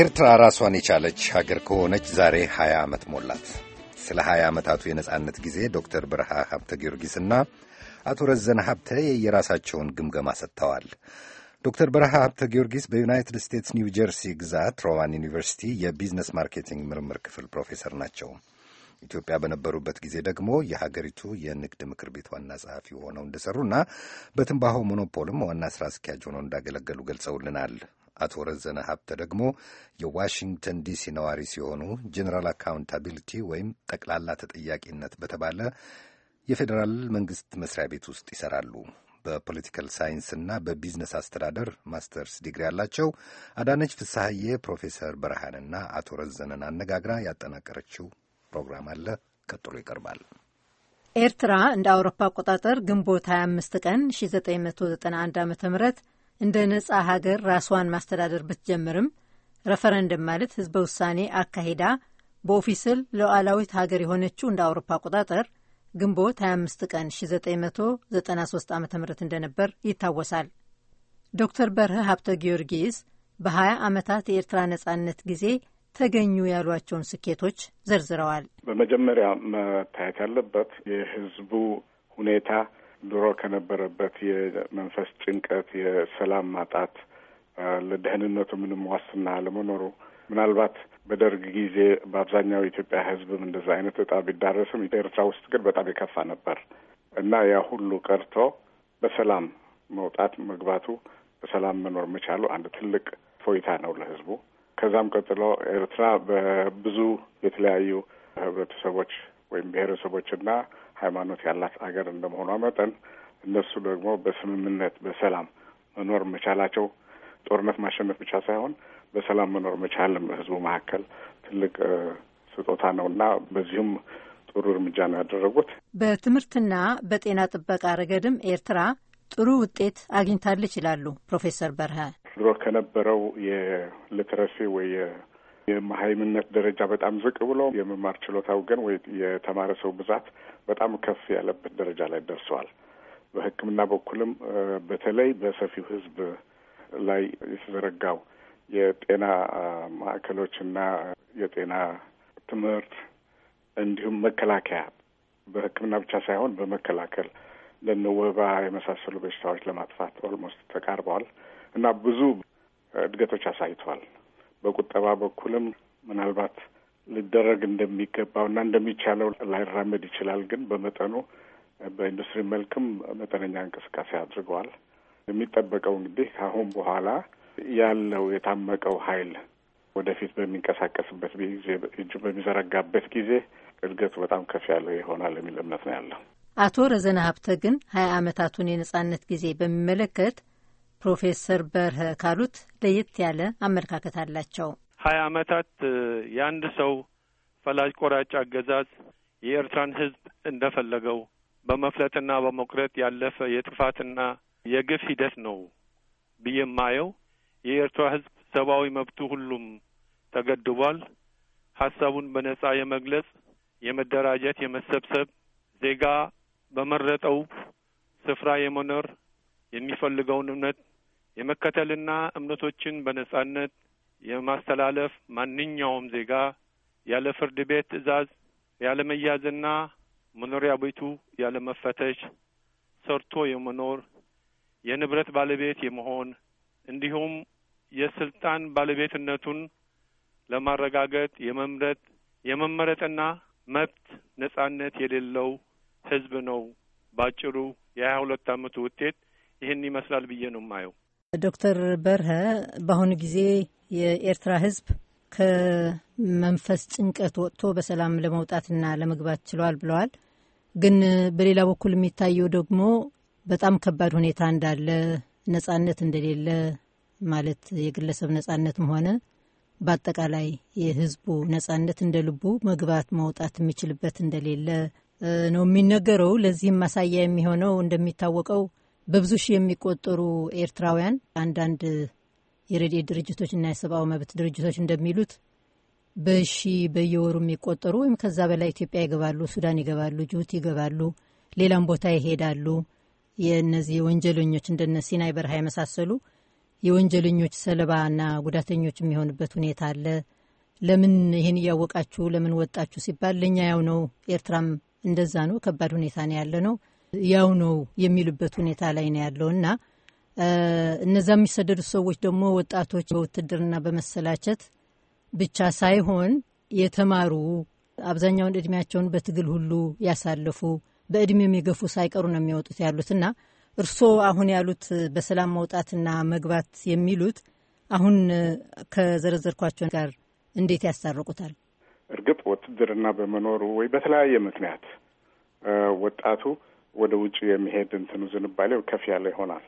ኤርትራ ራሷን የቻለች ሀገር ከሆነች ዛሬ 20 ዓመት ሞላት። ስለ 20 ዓመታቱ የነጻነት ጊዜ ዶክተር ብርሃ ሀብተ ጊዮርጊስና አቶ ረዘነ ሀብተ የየራሳቸውን ግምገማ ሰጥተዋል። ዶክተር በረሃ ሀብተ ጊዮርጊስ በዩናይትድ ስቴትስ ኒው ጀርሲ ግዛት ሮዋን ዩኒቨርሲቲ የቢዝነስ ማርኬቲንግ ምርምር ክፍል ፕሮፌሰር ናቸው። ኢትዮጵያ በነበሩበት ጊዜ ደግሞ የሀገሪቱ የንግድ ምክር ቤት ዋና ጸሐፊ ሆነው እንደሰሩና በትንባሆ ሞኖፖልም ዋና ስራ አስኪያጅ ሆነው እንዳገለገሉ ገልጸውልናል። አቶ ረዘነ ሀብተ ደግሞ የዋሽንግተን ዲሲ ነዋሪ ሲሆኑ ጀኔራል አካውንታቢሊቲ ወይም ጠቅላላ ተጠያቂነት በተባለ የፌዴራል መንግስት መስሪያ ቤት ውስጥ ይሰራሉ። በፖለቲካል ሳይንስና በቢዝነስ አስተዳደር ማስተርስ ዲግሪ ያላቸው አዳነች ፍሳሐዬ ፕሮፌሰር ብርሃንና አቶ ረዘነን አነጋግራ ያጠናቀረችው ፕሮግራም አለ፣ ቀጥሎ ይቀርባል። ኤርትራ እንደ አውሮፓ አቆጣጠር ግንቦት 25 ቀን 1991 ዓ ም እንደ ነጻ ሀገር ራስዋን ማስተዳደር ብትጀምርም ሬፈረንደም ማለት ህዝበ ውሳኔ አካሂዳ በኦፊስል ሉዓላዊት ሀገር የሆነችው እንደ አውሮፓ አቆጣጠር ግንቦት 25 ቀን 1993 ዓ ም እንደነበር ይታወሳል። ዶክተር በርህ ሀብተ ጊዮርጊስ በ20 ዓመታት የኤርትራ ነጻነት ጊዜ ተገኙ ያሏቸውን ስኬቶች ዘርዝረዋል። በመጀመሪያ መታየት ያለበት የህዝቡ ሁኔታ ድሮ ከነበረበት የመንፈስ ጭንቀት፣ የሰላም ማጣት፣ ለደህንነቱ ምንም ዋስትና አለመኖሩ ምናልባት በደርግ ጊዜ በአብዛኛው የኢትዮጵያ ሕዝብም እንደዛ አይነት እጣ ቢዳረስም ኤርትራ ውስጥ ግን በጣም የከፋ ነበር እና ያ ሁሉ ቀርቶ በሰላም መውጣት መግባቱ፣ በሰላም መኖር መቻሉ አንድ ትልቅ ፎይታ ነው ለሕዝቡ። ከዛም ቀጥሎ ኤርትራ በብዙ የተለያዩ ህብረተሰቦች ወይም ብሔረሰቦችና ሃይማኖት ያላት አገር እንደመሆኗ መጠን እነሱ ደግሞ በስምምነት በሰላም መኖር መቻላቸው ጦርነት ማሸነፍ ብቻ ሳይሆን በሰላም መኖር መቻልም ህዝቡ መካከል ትልቅ ስጦታ ነው እና በዚሁም ጥሩ እርምጃ ነው ያደረጉት። በትምህርትና በጤና ጥበቃ ረገድም ኤርትራ ጥሩ ውጤት አግኝታለች ይላሉ ፕሮፌሰር በርሀ። ድሮ ከነበረው የሊትረሲ ወይ የመሀይምነት ደረጃ በጣም ዝቅ ብሎ የመማር ችሎታው ግን ወይ የተማረ ሰው ብዛት በጣም ከፍ ያለበት ደረጃ ላይ ደርሰዋል። በሕክምና በኩልም በተለይ በሰፊው ሕዝብ ላይ የተዘረጋው የጤና ማዕከሎችና የጤና ትምህርት እንዲሁም መከላከያ በሕክምና ብቻ ሳይሆን በመከላከል ለነወባ የመሳሰሉ በሽታዎች ለማጥፋት ኦልሞስት ተቃርበዋል እና ብዙ እድገቶች አሳይተዋል። በቁጠባ በኩልም ምናልባት ሊደረግ እንደሚገባው እና እንደሚቻለው ላይራመድ ይችላል። ግን በመጠኑ በኢንዱስትሪ መልክም መጠነኛ እንቅስቃሴ አድርገዋል። የሚጠበቀው እንግዲህ ከአሁን በኋላ ያለው የታመቀው ኃይል ወደፊት በሚንቀሳቀስበት ጊዜ እጁ በሚዘረጋበት ጊዜ እድገቱ በጣም ከፍ ያለው ይሆናል የሚል እምነት ነው ያለው። አቶ ረዘነ ሀብተ ግን ሀያ ዓመታቱን የነጻነት ጊዜ በሚመለከት ፕሮፌሰር በርሀ ካሉት ለየት ያለ አመለካከት አላቸው። ሀያ አመታት የአንድ ሰው ፈላጭ ቆራጭ አገዛዝ የኤርትራን ህዝብ እንደፈለገው በመፍለጥና በመቁረጥ ያለፈ የጥፋትና የግፍ ሂደት ነው ብዬ የማየው። የኤርትራ ህዝብ ሰብአዊ መብቱ ሁሉም ተገድቧል። ሀሳቡን በነጻ የመግለጽ፣ የመደራጀት፣ የመሰብሰብ ዜጋ በመረጠው ስፍራ የመኖር የሚፈልገውን እምነት የመከተልና እምነቶችን በነጻነት የማስተላለፍ ማንኛውም ዜጋ ያለ ፍርድ ቤት ትዕዛዝ ያለ መያዝና መኖሪያ ቤቱ ያለ መፈተሽ ሰርቶ የመኖር የንብረት ባለቤት የመሆን እንዲሁም የስልጣን ባለቤትነቱን ለማረጋገጥ የመምረጥ የመመረጥና መብት ነጻነት የሌለው ህዝብ ነው። ባጭሩ የሀያ ሁለት አመቱ ውጤት ይህን ይመስላል ብዬ ነው የማየው። ዶክተር በርሀ በአሁኑ ጊዜ የኤርትራ ህዝብ ከመንፈስ ጭንቀት ወጥቶ በሰላም ለመውጣትና ለመግባት ችሏል ብለዋል። ግን በሌላ በኩል የሚታየው ደግሞ በጣም ከባድ ሁኔታ እንዳለ፣ ነጻነት እንደሌለ ማለት የግለሰብ ነጻነትም ሆነ በአጠቃላይ የህዝቡ ነጻነት እንደ ልቡ መግባት መውጣት የሚችልበት እንደሌለ ነው የሚነገረው። ለዚህም ማሳያ የሚሆነው እንደሚታወቀው በብዙ ሺህ የሚቆጠሩ ኤርትራውያን አንዳንድ የረድኤት ድርጅቶች እና የሰብአዊ መብት ድርጅቶች እንደሚሉት በሺ በየወሩ የሚቆጠሩ ወይም ከዛ በላይ ኢትዮጵያ ይገባሉ፣ ሱዳን ይገባሉ፣ ጅቡቲ ይገባሉ፣ ሌላም ቦታ ይሄዳሉ። የእነዚህ የወንጀለኞች እንደነ ሲናይ በረሃ የመሳሰሉ የወንጀለኞች ሰለባና ጉዳተኞች የሚሆንበት ሁኔታ አለ። ለምን ይህን እያወቃችሁ ለምን ወጣችሁ ሲባል ለእኛ ያው ነው፣ ኤርትራም እንደዛ ነው፣ ከባድ ሁኔታ ነው ያለ ነው ያው ነው የሚሉበት ሁኔታ ላይ ነው ያለው እና እነዛ የሚሰደዱት ሰዎች ደግሞ ወጣቶች በውትድርና በመሰላቸት ብቻ ሳይሆን የተማሩ አብዛኛውን እድሜያቸውን በትግል ሁሉ ያሳለፉ በእድሜም የገፉ ሳይቀሩ ነው የሚወጡት ያሉት እና እርስዎ አሁን ያሉት በሰላም መውጣትና መግባት የሚሉት አሁን ከዘረዘርኳቸው ጋር እንዴት ያስታርቁታል? እርግጥ ውትድርና በመኖሩ ወይ በተለያየ ምክንያት ወጣቱ ወደ ውጭ የሚሄድ እንትኑ ዝንባሌው ከፍ ያለ ይሆናል።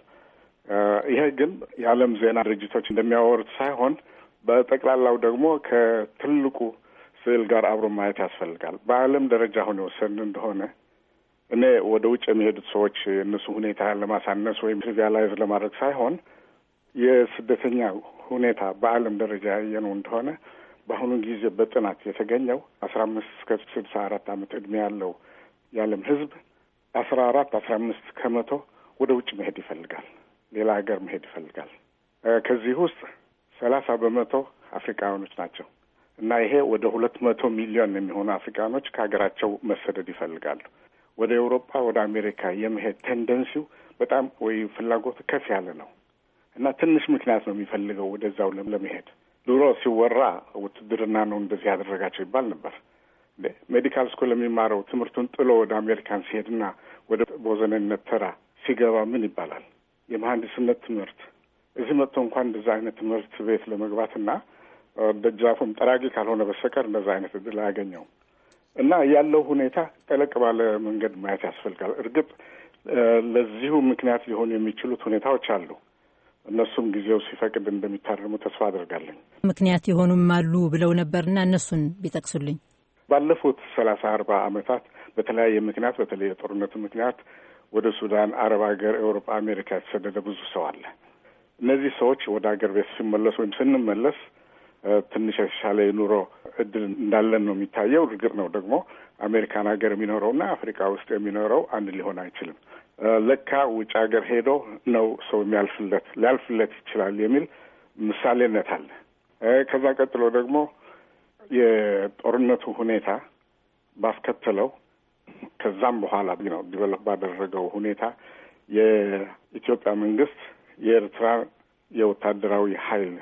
ይሄ ግን የዓለም ዜና ድርጅቶች እንደሚያወሩት ሳይሆን በጠቅላላው ደግሞ ከትልቁ ስዕል ጋር አብሮ ማየት ያስፈልጋል። በዓለም ደረጃ አሁን የወሰን እንደሆነ እኔ ወደ ውጭ የሚሄዱት ሰዎች እነሱ ሁኔታ ለማሳነስ ወይም ትሪቪያላይዝ ለማድረግ ሳይሆን የስደተኛ ሁኔታ በዓለም ደረጃ ያየነው እንደሆነ በአሁኑ ጊዜ በጥናት የተገኘው አስራ አምስት እስከ ስልሳ አራት ዓመት ዕድሜ ያለው የዓለም ሕዝብ አስራ አራት አስራ አምስት ከመቶ ወደ ውጭ መሄድ ይፈልጋል፣ ሌላ ሀገር መሄድ ይፈልጋል። ከዚህ ውስጥ ሰላሳ በመቶ አፍሪካውያኖች ናቸው እና ይሄ ወደ ሁለት መቶ ሚሊዮን የሚሆኑ አፍሪካኖች ከሀገራቸው መሰደድ ይፈልጋሉ። ወደ ኤውሮፓ ወደ አሜሪካ የመሄድ ቴንደንሲው በጣም ወይ ፍላጎት ከፍ ያለ ነው እና ትንሽ ምክንያት ነው የሚፈልገው ወደዛው ለመሄድ። ድሮ ሲወራ ውትድርና ነው እንደዚህ ያደረጋቸው ይባል ነበር። ሜዲካል ስኩል የሚማረው ትምህርቱን ጥሎ ወደ አሜሪካን ሲሄድና ወደ ቦዘነነት ተራ ሲገባ ምን ይባላል? የመሀንዲስነት ትምህርት እዚህ መጥቶ እንኳን እንደዛ አይነት ትምህርት ቤት ለመግባትና ደጃፉም ጠራጊ ካልሆነ በስተቀር እንደዛ አይነት እድል አያገኘውም። እና ያለው ሁኔታ ጠለቅ ባለ መንገድ ማየት ያስፈልጋል። እርግጥ ለዚሁ ምክንያት ሊሆኑ የሚችሉት ሁኔታዎች አሉ። እነሱም ጊዜው ሲፈቅድ እንደሚታረሙ ተስፋ አድርጋለኝ። ምክንያት የሆኑም አሉ ብለው ነበርና እነሱን ቢጠቅሱልኝ ባለፉት ሰላሳ አርባ አመታት በተለያየ ምክንያት በተለይ የጦርነቱ ምክንያት ወደ ሱዳን፣ አረብ ሀገር፣ ኤውሮፓ፣ አሜሪካ የተሰደደ ብዙ ሰው አለ። እነዚህ ሰዎች ወደ ሀገር ቤት ሲመለሱ ወይም ስንመለስ ትንሽ የተሻለ የኑሮ እድል እንዳለን ነው የሚታየው። እርግጥ ነው ደግሞ አሜሪካን ሀገር የሚኖረውና አፍሪካ ውስጥ የሚኖረው አንድ ሊሆን አይችልም። ለካ ውጭ ሀገር ሄዶ ነው ሰው የሚያልፍለት ሊያልፍለት ይችላል የሚል ምሳሌነት አለ። ከዛ ቀጥሎ ደግሞ የጦርነቱ ሁኔታ ባስከተለው ከዛም በኋላ ነው ዲቨሎፕ ባደረገው ሁኔታ የኢትዮጵያ መንግስት የኤርትራ የወታደራዊ ኃይል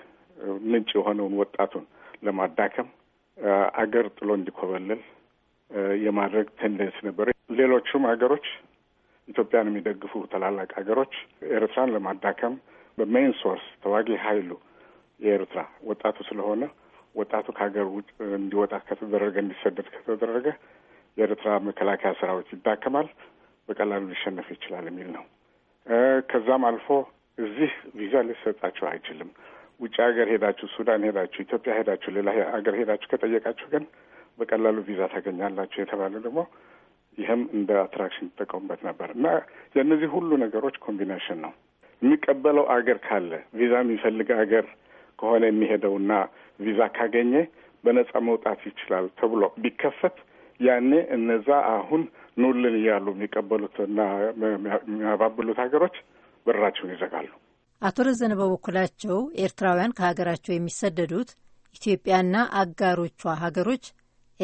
ምንጭ የሆነውን ወጣቱን ለማዳከም አገር ጥሎ እንዲኮበልል የማድረግ ቴንደንስ ነበር። ሌሎቹም ሀገሮች ኢትዮጵያን የሚደግፉ ታላላቅ ሀገሮች ኤርትራን ለማዳከም በሜይን ሶርስ ተዋጊ ኃይሉ የኤርትራ ወጣቱ ስለሆነ ወጣቱ ከሀገር ውጭ እንዲወጣ ከተደረገ እንዲሰደድ ከተደረገ የኤርትራ መከላከያ ሰራዊት ይዳከማል፣ በቀላሉ ሊሸነፍ ይችላል የሚል ነው። ከዛም አልፎ እዚህ ቪዛ ሊሰጣችሁ አይችልም። ውጭ ሀገር ሄዳችሁ ሱዳን ሄዳችሁ ኢትዮጵያ ሄዳችሁ ሌላ ሀገር ሄዳችሁ ከጠየቃችሁ ግን በቀላሉ ቪዛ ታገኛላችሁ የተባለ ደግሞ ይህም እንደ አትራክሽን ይጠቀሙበት ነበር እና የእነዚህ ሁሉ ነገሮች ኮምቢኔሽን ነው። የሚቀበለው አገር ካለ ቪዛ የሚፈልግ አገር ከሆነ የሚሄደውና ቪዛ ካገኘ በነጻ መውጣት ይችላል ተብሎ ቢከፈት ያኔ እነዛ አሁን ኑልን እያሉ የሚቀበሉትና የሚያባብሉት ሀገሮች በራቸውን ይዘጋሉ። አቶ ረዘነ በበኩላቸው ኤርትራውያን ከሀገራቸው የሚሰደዱት ኢትዮጵያና አጋሮቿ ሀገሮች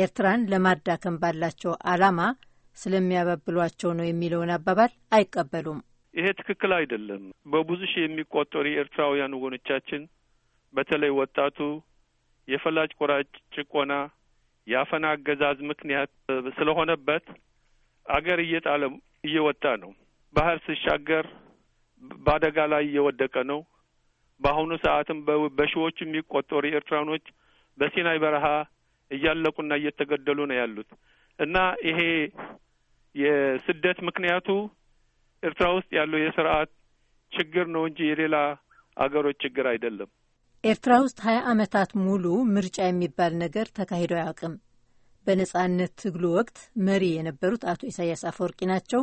ኤርትራን ለማዳከም ባላቸው ዓላማ ስለሚያባብሏቸው ነው የሚለውን አባባል አይቀበሉም። ይሄ ትክክል አይደለም። በብዙ ሺህ የሚቆጠሩ የኤርትራውያን ወገኖቻችን በተለይ ወጣቱ የፈላጭ ቆራጭ ጭቆና፣ የአፈና አገዛዝ ምክንያት ስለሆነበት አገር እየጣለ እየወጣ ነው። ባህር ሲሻገር በአደጋ ላይ እየወደቀ ነው። በአሁኑ ሰዓትም በሺዎች የሚቆጠሩ ኤርትራኖች በሲናይ በረሃ እያለቁና እየተገደሉ ነው ያሉት እና ይሄ የስደት ምክንያቱ ኤርትራ ውስጥ ያለው የስርዓት ችግር ነው እንጂ የሌላ አገሮች ችግር አይደለም። ኤርትራ ውስጥ 20 ዓመታት ሙሉ ምርጫ የሚባል ነገር ተካሂዶ አያውቅም። በነጻነት ትግሉ ወቅት መሪ የነበሩት አቶ ኢሳያስ አፈወርቂ ናቸው።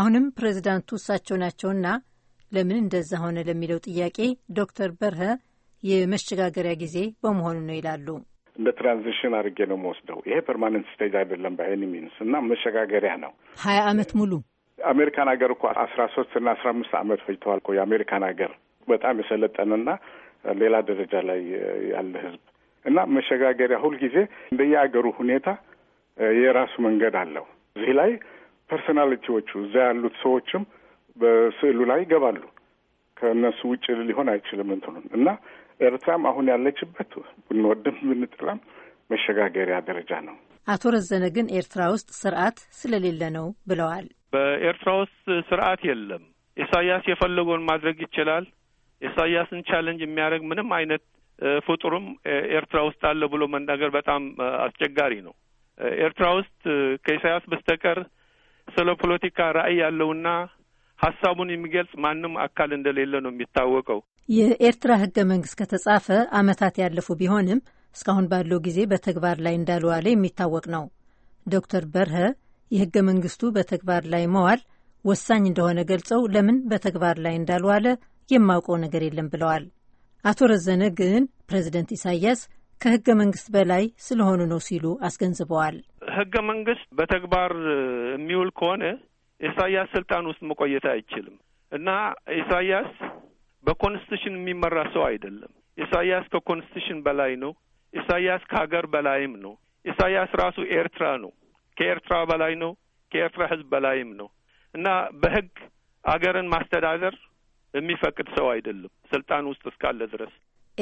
አሁንም ፕሬዚዳንቱ እሳቸው ናቸውና ለምን እንደዛ ሆነ ለሚለው ጥያቄ ዶክተር በርሀ የመሸጋገሪያ ጊዜ በመሆኑ ነው ይላሉ። እንደ ትራንዚሽን አድርጌ ነው የምወስደው። ይሄ ፐርማነንት ስቴጅ አይደለም በኤኒ ሚንስ እና መሸጋገሪያ ነው። ሀያ ዓመት ሙሉ አሜሪካን ሀገር እኮ አስራ ሶስት እና አስራ አምስት ዓመት ፈጅተዋል እኮ የአሜሪካን ሀገር በጣም የሰለጠነና ሌላ ደረጃ ላይ ያለ ህዝብ እና መሸጋገሪያ ሁልጊዜ እንደየሀገሩ ሁኔታ የራሱ መንገድ አለው። እዚህ ላይ ፐርሶናሊቲዎቹ እዛ ያሉት ሰዎችም በስዕሉ ላይ ይገባሉ። ከእነሱ ውጭ ሊሆን አይችልም እንትኑን እና ኤርትራም አሁን ያለችበት ብንወድም ብንጥላም መሸጋገሪያ ደረጃ ነው። አቶ ረዘነ ግን ኤርትራ ውስጥ ስርዓት ስለሌለ ነው ብለዋል። በኤርትራ ውስጥ ስርዓት የለም። ኢሳያስ የፈለገውን ማድረግ ይችላል። ኢሳያስን ቻለንጅ የሚያደርግ ምንም አይነት ፍጡርም ኤርትራ ውስጥ አለ ብሎ መናገር በጣም አስቸጋሪ ነው። ኤርትራ ውስጥ ከኢሳያስ በስተቀር ስለ ፖለቲካ ራዕይ ያለውና ሀሳቡን የሚገልጽ ማንም አካል እንደሌለ ነው የሚታወቀው። የኤርትራ ህገ መንግስት ከተጻፈ አመታት ያለፉ ቢሆንም እስካሁን ባለው ጊዜ በተግባር ላይ እንዳልዋለ የሚታወቅ ነው። ዶክተር በርሀ የህገ መንግስቱ በተግባር ላይ መዋል ወሳኝ እንደሆነ ገልጸው ለምን በተግባር ላይ እንዳልዋለ የማውቀው ነገር የለም ብለዋል። አቶ ረዘነ ግን ፕሬዚደንት ኢሳያስ ከህገ መንግስት በላይ ስለሆኑ ነው ሲሉ አስገንዝበዋል። ህገ መንግስት በተግባር የሚውል ከሆነ ኢሳያስ ስልጣን ውስጥ መቆየት አይችልም እና ኢሳያስ በኮንስቲቱሽን የሚመራ ሰው አይደለም። ኢሳያስ ከኮንስቲቱሽን በላይ ነው። ኢሳያስ ከሀገር በላይም ነው። ኢሳያስ ራሱ ኤርትራ ነው። ከኤርትራ በላይ ነው። ከኤርትራ ህዝብ በላይም ነው እና በህግ አገርን ማስተዳደር የሚፈቅድ ሰው አይደለም ስልጣን ውስጥ እስካለ ድረስ።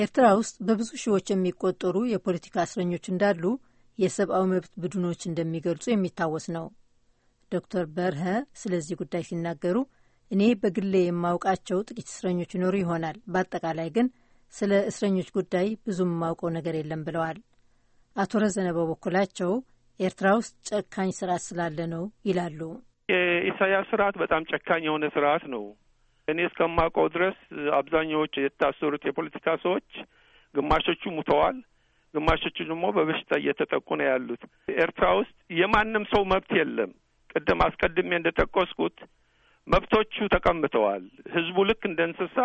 ኤርትራ ውስጥ በብዙ ሺዎች የሚቆጠሩ የፖለቲካ እስረኞች እንዳሉ የሰብአዊ መብት ቡድኖች እንደሚገልጹ የሚታወስ ነው። ዶክተር በርሀ ስለዚህ ጉዳይ ሲናገሩ እኔ በግሌ የማውቃቸው ጥቂት እስረኞች ይኖሩ ይሆናል፣ በአጠቃላይ ግን ስለ እስረኞች ጉዳይ ብዙም የማውቀው ነገር የለም ብለዋል። አቶ ረዘነ በበኩላቸው ኤርትራ ውስጥ ጨካኝ ስርዓት ስላለ ነው ይላሉ። የኢሳያስ ስርዓት በጣም ጨካኝ የሆነ ስርዓት ነው። እኔ እስከማውቀው ድረስ አብዛኛዎቹ የታሰሩት የፖለቲካ ሰዎች ግማሾቹ ሙተዋል፣ ግማሾቹ ደግሞ በበሽታ እየተጠቁ ነው ያሉት። ኤርትራ ውስጥ የማንም ሰው መብት የለም። ቅድም አስቀድሜ እንደጠቆስኩት መብቶቹ ተቀምጠዋል። ህዝቡ ልክ እንደ እንስሳ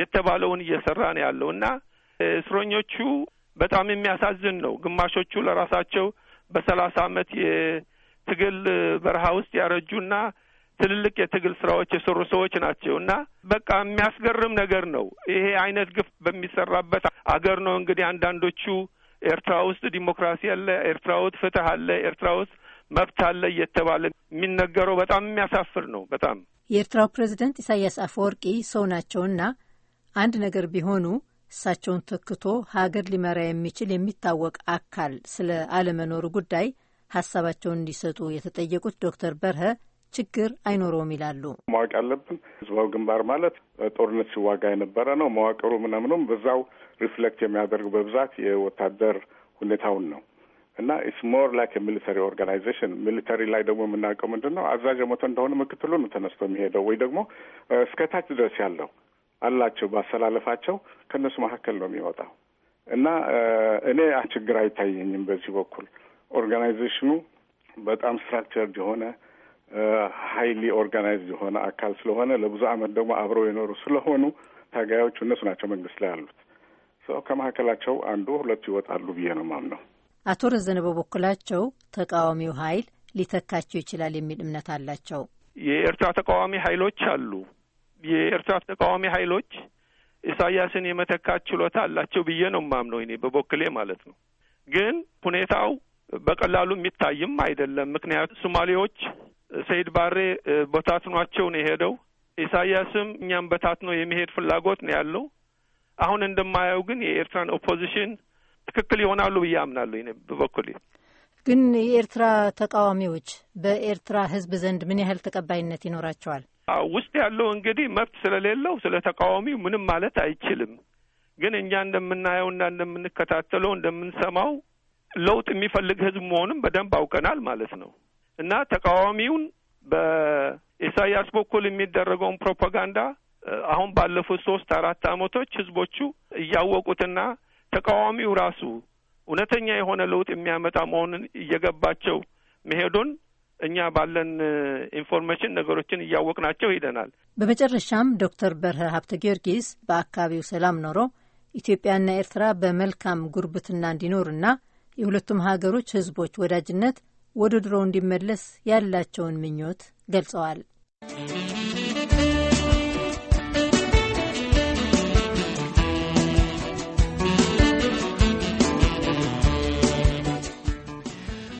የተባለውን እየሰራ ነው ያለው እና እስረኞቹ በጣም የሚያሳዝን ነው። ግማሾቹ ለራሳቸው በሰላሳ አመት የትግል በረሃ ውስጥ ያረጁና ትልልቅ የትግል ስራዎች የሰሩ ሰዎች ናቸው እና በቃ የሚያስገርም ነገር ነው። ይሄ አይነት ግፍ በሚሰራበት አገር ነው እንግዲህ አንዳንዶቹ ኤርትራ ውስጥ ዲሞክራሲ አለ፣ ኤርትራ ውስጥ ፍትህ አለ፣ ኤርትራ ውስጥ መብት አለ እየተባለ የሚነገረው በጣም የሚያሳፍር ነው። በጣም የኤርትራው ፕሬዚደንት ኢሳያስ አፈወርቂ ሰው ናቸውና አንድ ነገር ቢሆኑ እሳቸውን ተክቶ ሀገር ሊመራ የሚችል የሚታወቅ አካል ስለ አለመኖሩ ጉዳይ ሀሳባቸውን እንዲሰጡ የተጠየቁት ዶክተር በርሀ ችግር አይኖረውም ይላሉ። ማወቅ ያለብን ህዝባዊ ግንባር ማለት ጦርነት ሲዋጋ የነበረ ነው። መዋቅሩ ምናምኑም በዛው ሪፍሌክት የሚያደርግ በብዛት የወታደር ሁኔታውን ነው እና ኢትስ ሞር ላይክ የሚሊተሪ ኦርጋናይዜሽን። ሚሊተሪ ላይ ደግሞ የምናውቀው ምንድን ነው? አዛዥ የሞተ እንደሆነ ምክትሉ ነው ተነስቶ የሚሄደው ወይ ደግሞ እስከታች ድረስ ያለው አላቸው ባሰላለፋቸው ከእነሱ መካከል ነው የሚወጣው እና እኔ ችግር አይታየኝም። በዚህ በኩል ኦርጋናይዜሽኑ በጣም ስትራክቸርድ የሆነ ሀይሊ ኦርጋናይዝድ የሆነ አካል ስለሆነ ለብዙ ዓመት ደግሞ አብረው የኖሩ ስለሆኑ ታጋዮቹ እነሱ ናቸው መንግስት ላይ ያሉት ሰው ከመካከላቸው አንዱ ሁለቱ ይወጣሉ ብዬ ነው ማምነው። አቶ ረዘነ በበኩላቸው ተቃዋሚው ሀይል ሊተካቸው ይችላል የሚል እምነት አላቸው። የኤርትራ ተቃዋሚ ሀይሎች አሉ። የኤርትራ ተቃዋሚ ሀይሎች ኢሳያስን የመተካት ችሎታ አላቸው ብዬ ነው ማምነው እኔ በበኩሌ ማለት ነው። ግን ሁኔታው በቀላሉ የሚታይም አይደለም። ምክንያቱ ሶማሌዎች ሰይድ ባሬ በታትኗቸው ነው የሄደው። ኢሳያስም እኛም በታትኖ የሚሄድ ፍላጎት ነው ያለው። አሁን እንደማየው ግን የኤርትራን ኦፖዚሽን ትክክል ይሆናሉ ብዬ አምናለሁ። ይ በበኩል ግን የኤርትራ ተቃዋሚዎች በኤርትራ ሕዝብ ዘንድ ምን ያህል ተቀባይነት ይኖራቸዋል? ውስጥ ያለው እንግዲህ መብት ስለሌለው ስለ ተቃዋሚው ምንም ማለት አይችልም። ግን እኛ እንደምናየውና እንደምንከታተለው እንደምንሰማው ለውጥ የሚፈልግ ሕዝብ መሆኑን በደንብ አውቀናል ማለት ነው። እና ተቃዋሚውን በኢሳያስ በኩል የሚደረገውን ፕሮፓጋንዳ አሁን ባለፉት ሶስት አራት ዓመቶች ህዝቦቹ እያወቁትና ተቃዋሚው ራሱ እውነተኛ የሆነ ለውጥ የሚያመጣ መሆኑን እየገባቸው መሄዱን እኛ ባለን ኢንፎርሜሽን ነገሮችን እያወቅናቸው ሂደናል። በመጨረሻም ዶክተር በርሀ ሀብተ ጊዮርጊስ በአካባቢው ሰላም ኖሮ ኢትዮጵያና ኤርትራ በመልካም ጉርብትና እንዲኖርና የሁለቱም ሀገሮች ህዝቦች ወዳጅነት ወደ እንዲመለስ ያላቸውን ምኞት ገልጸዋል።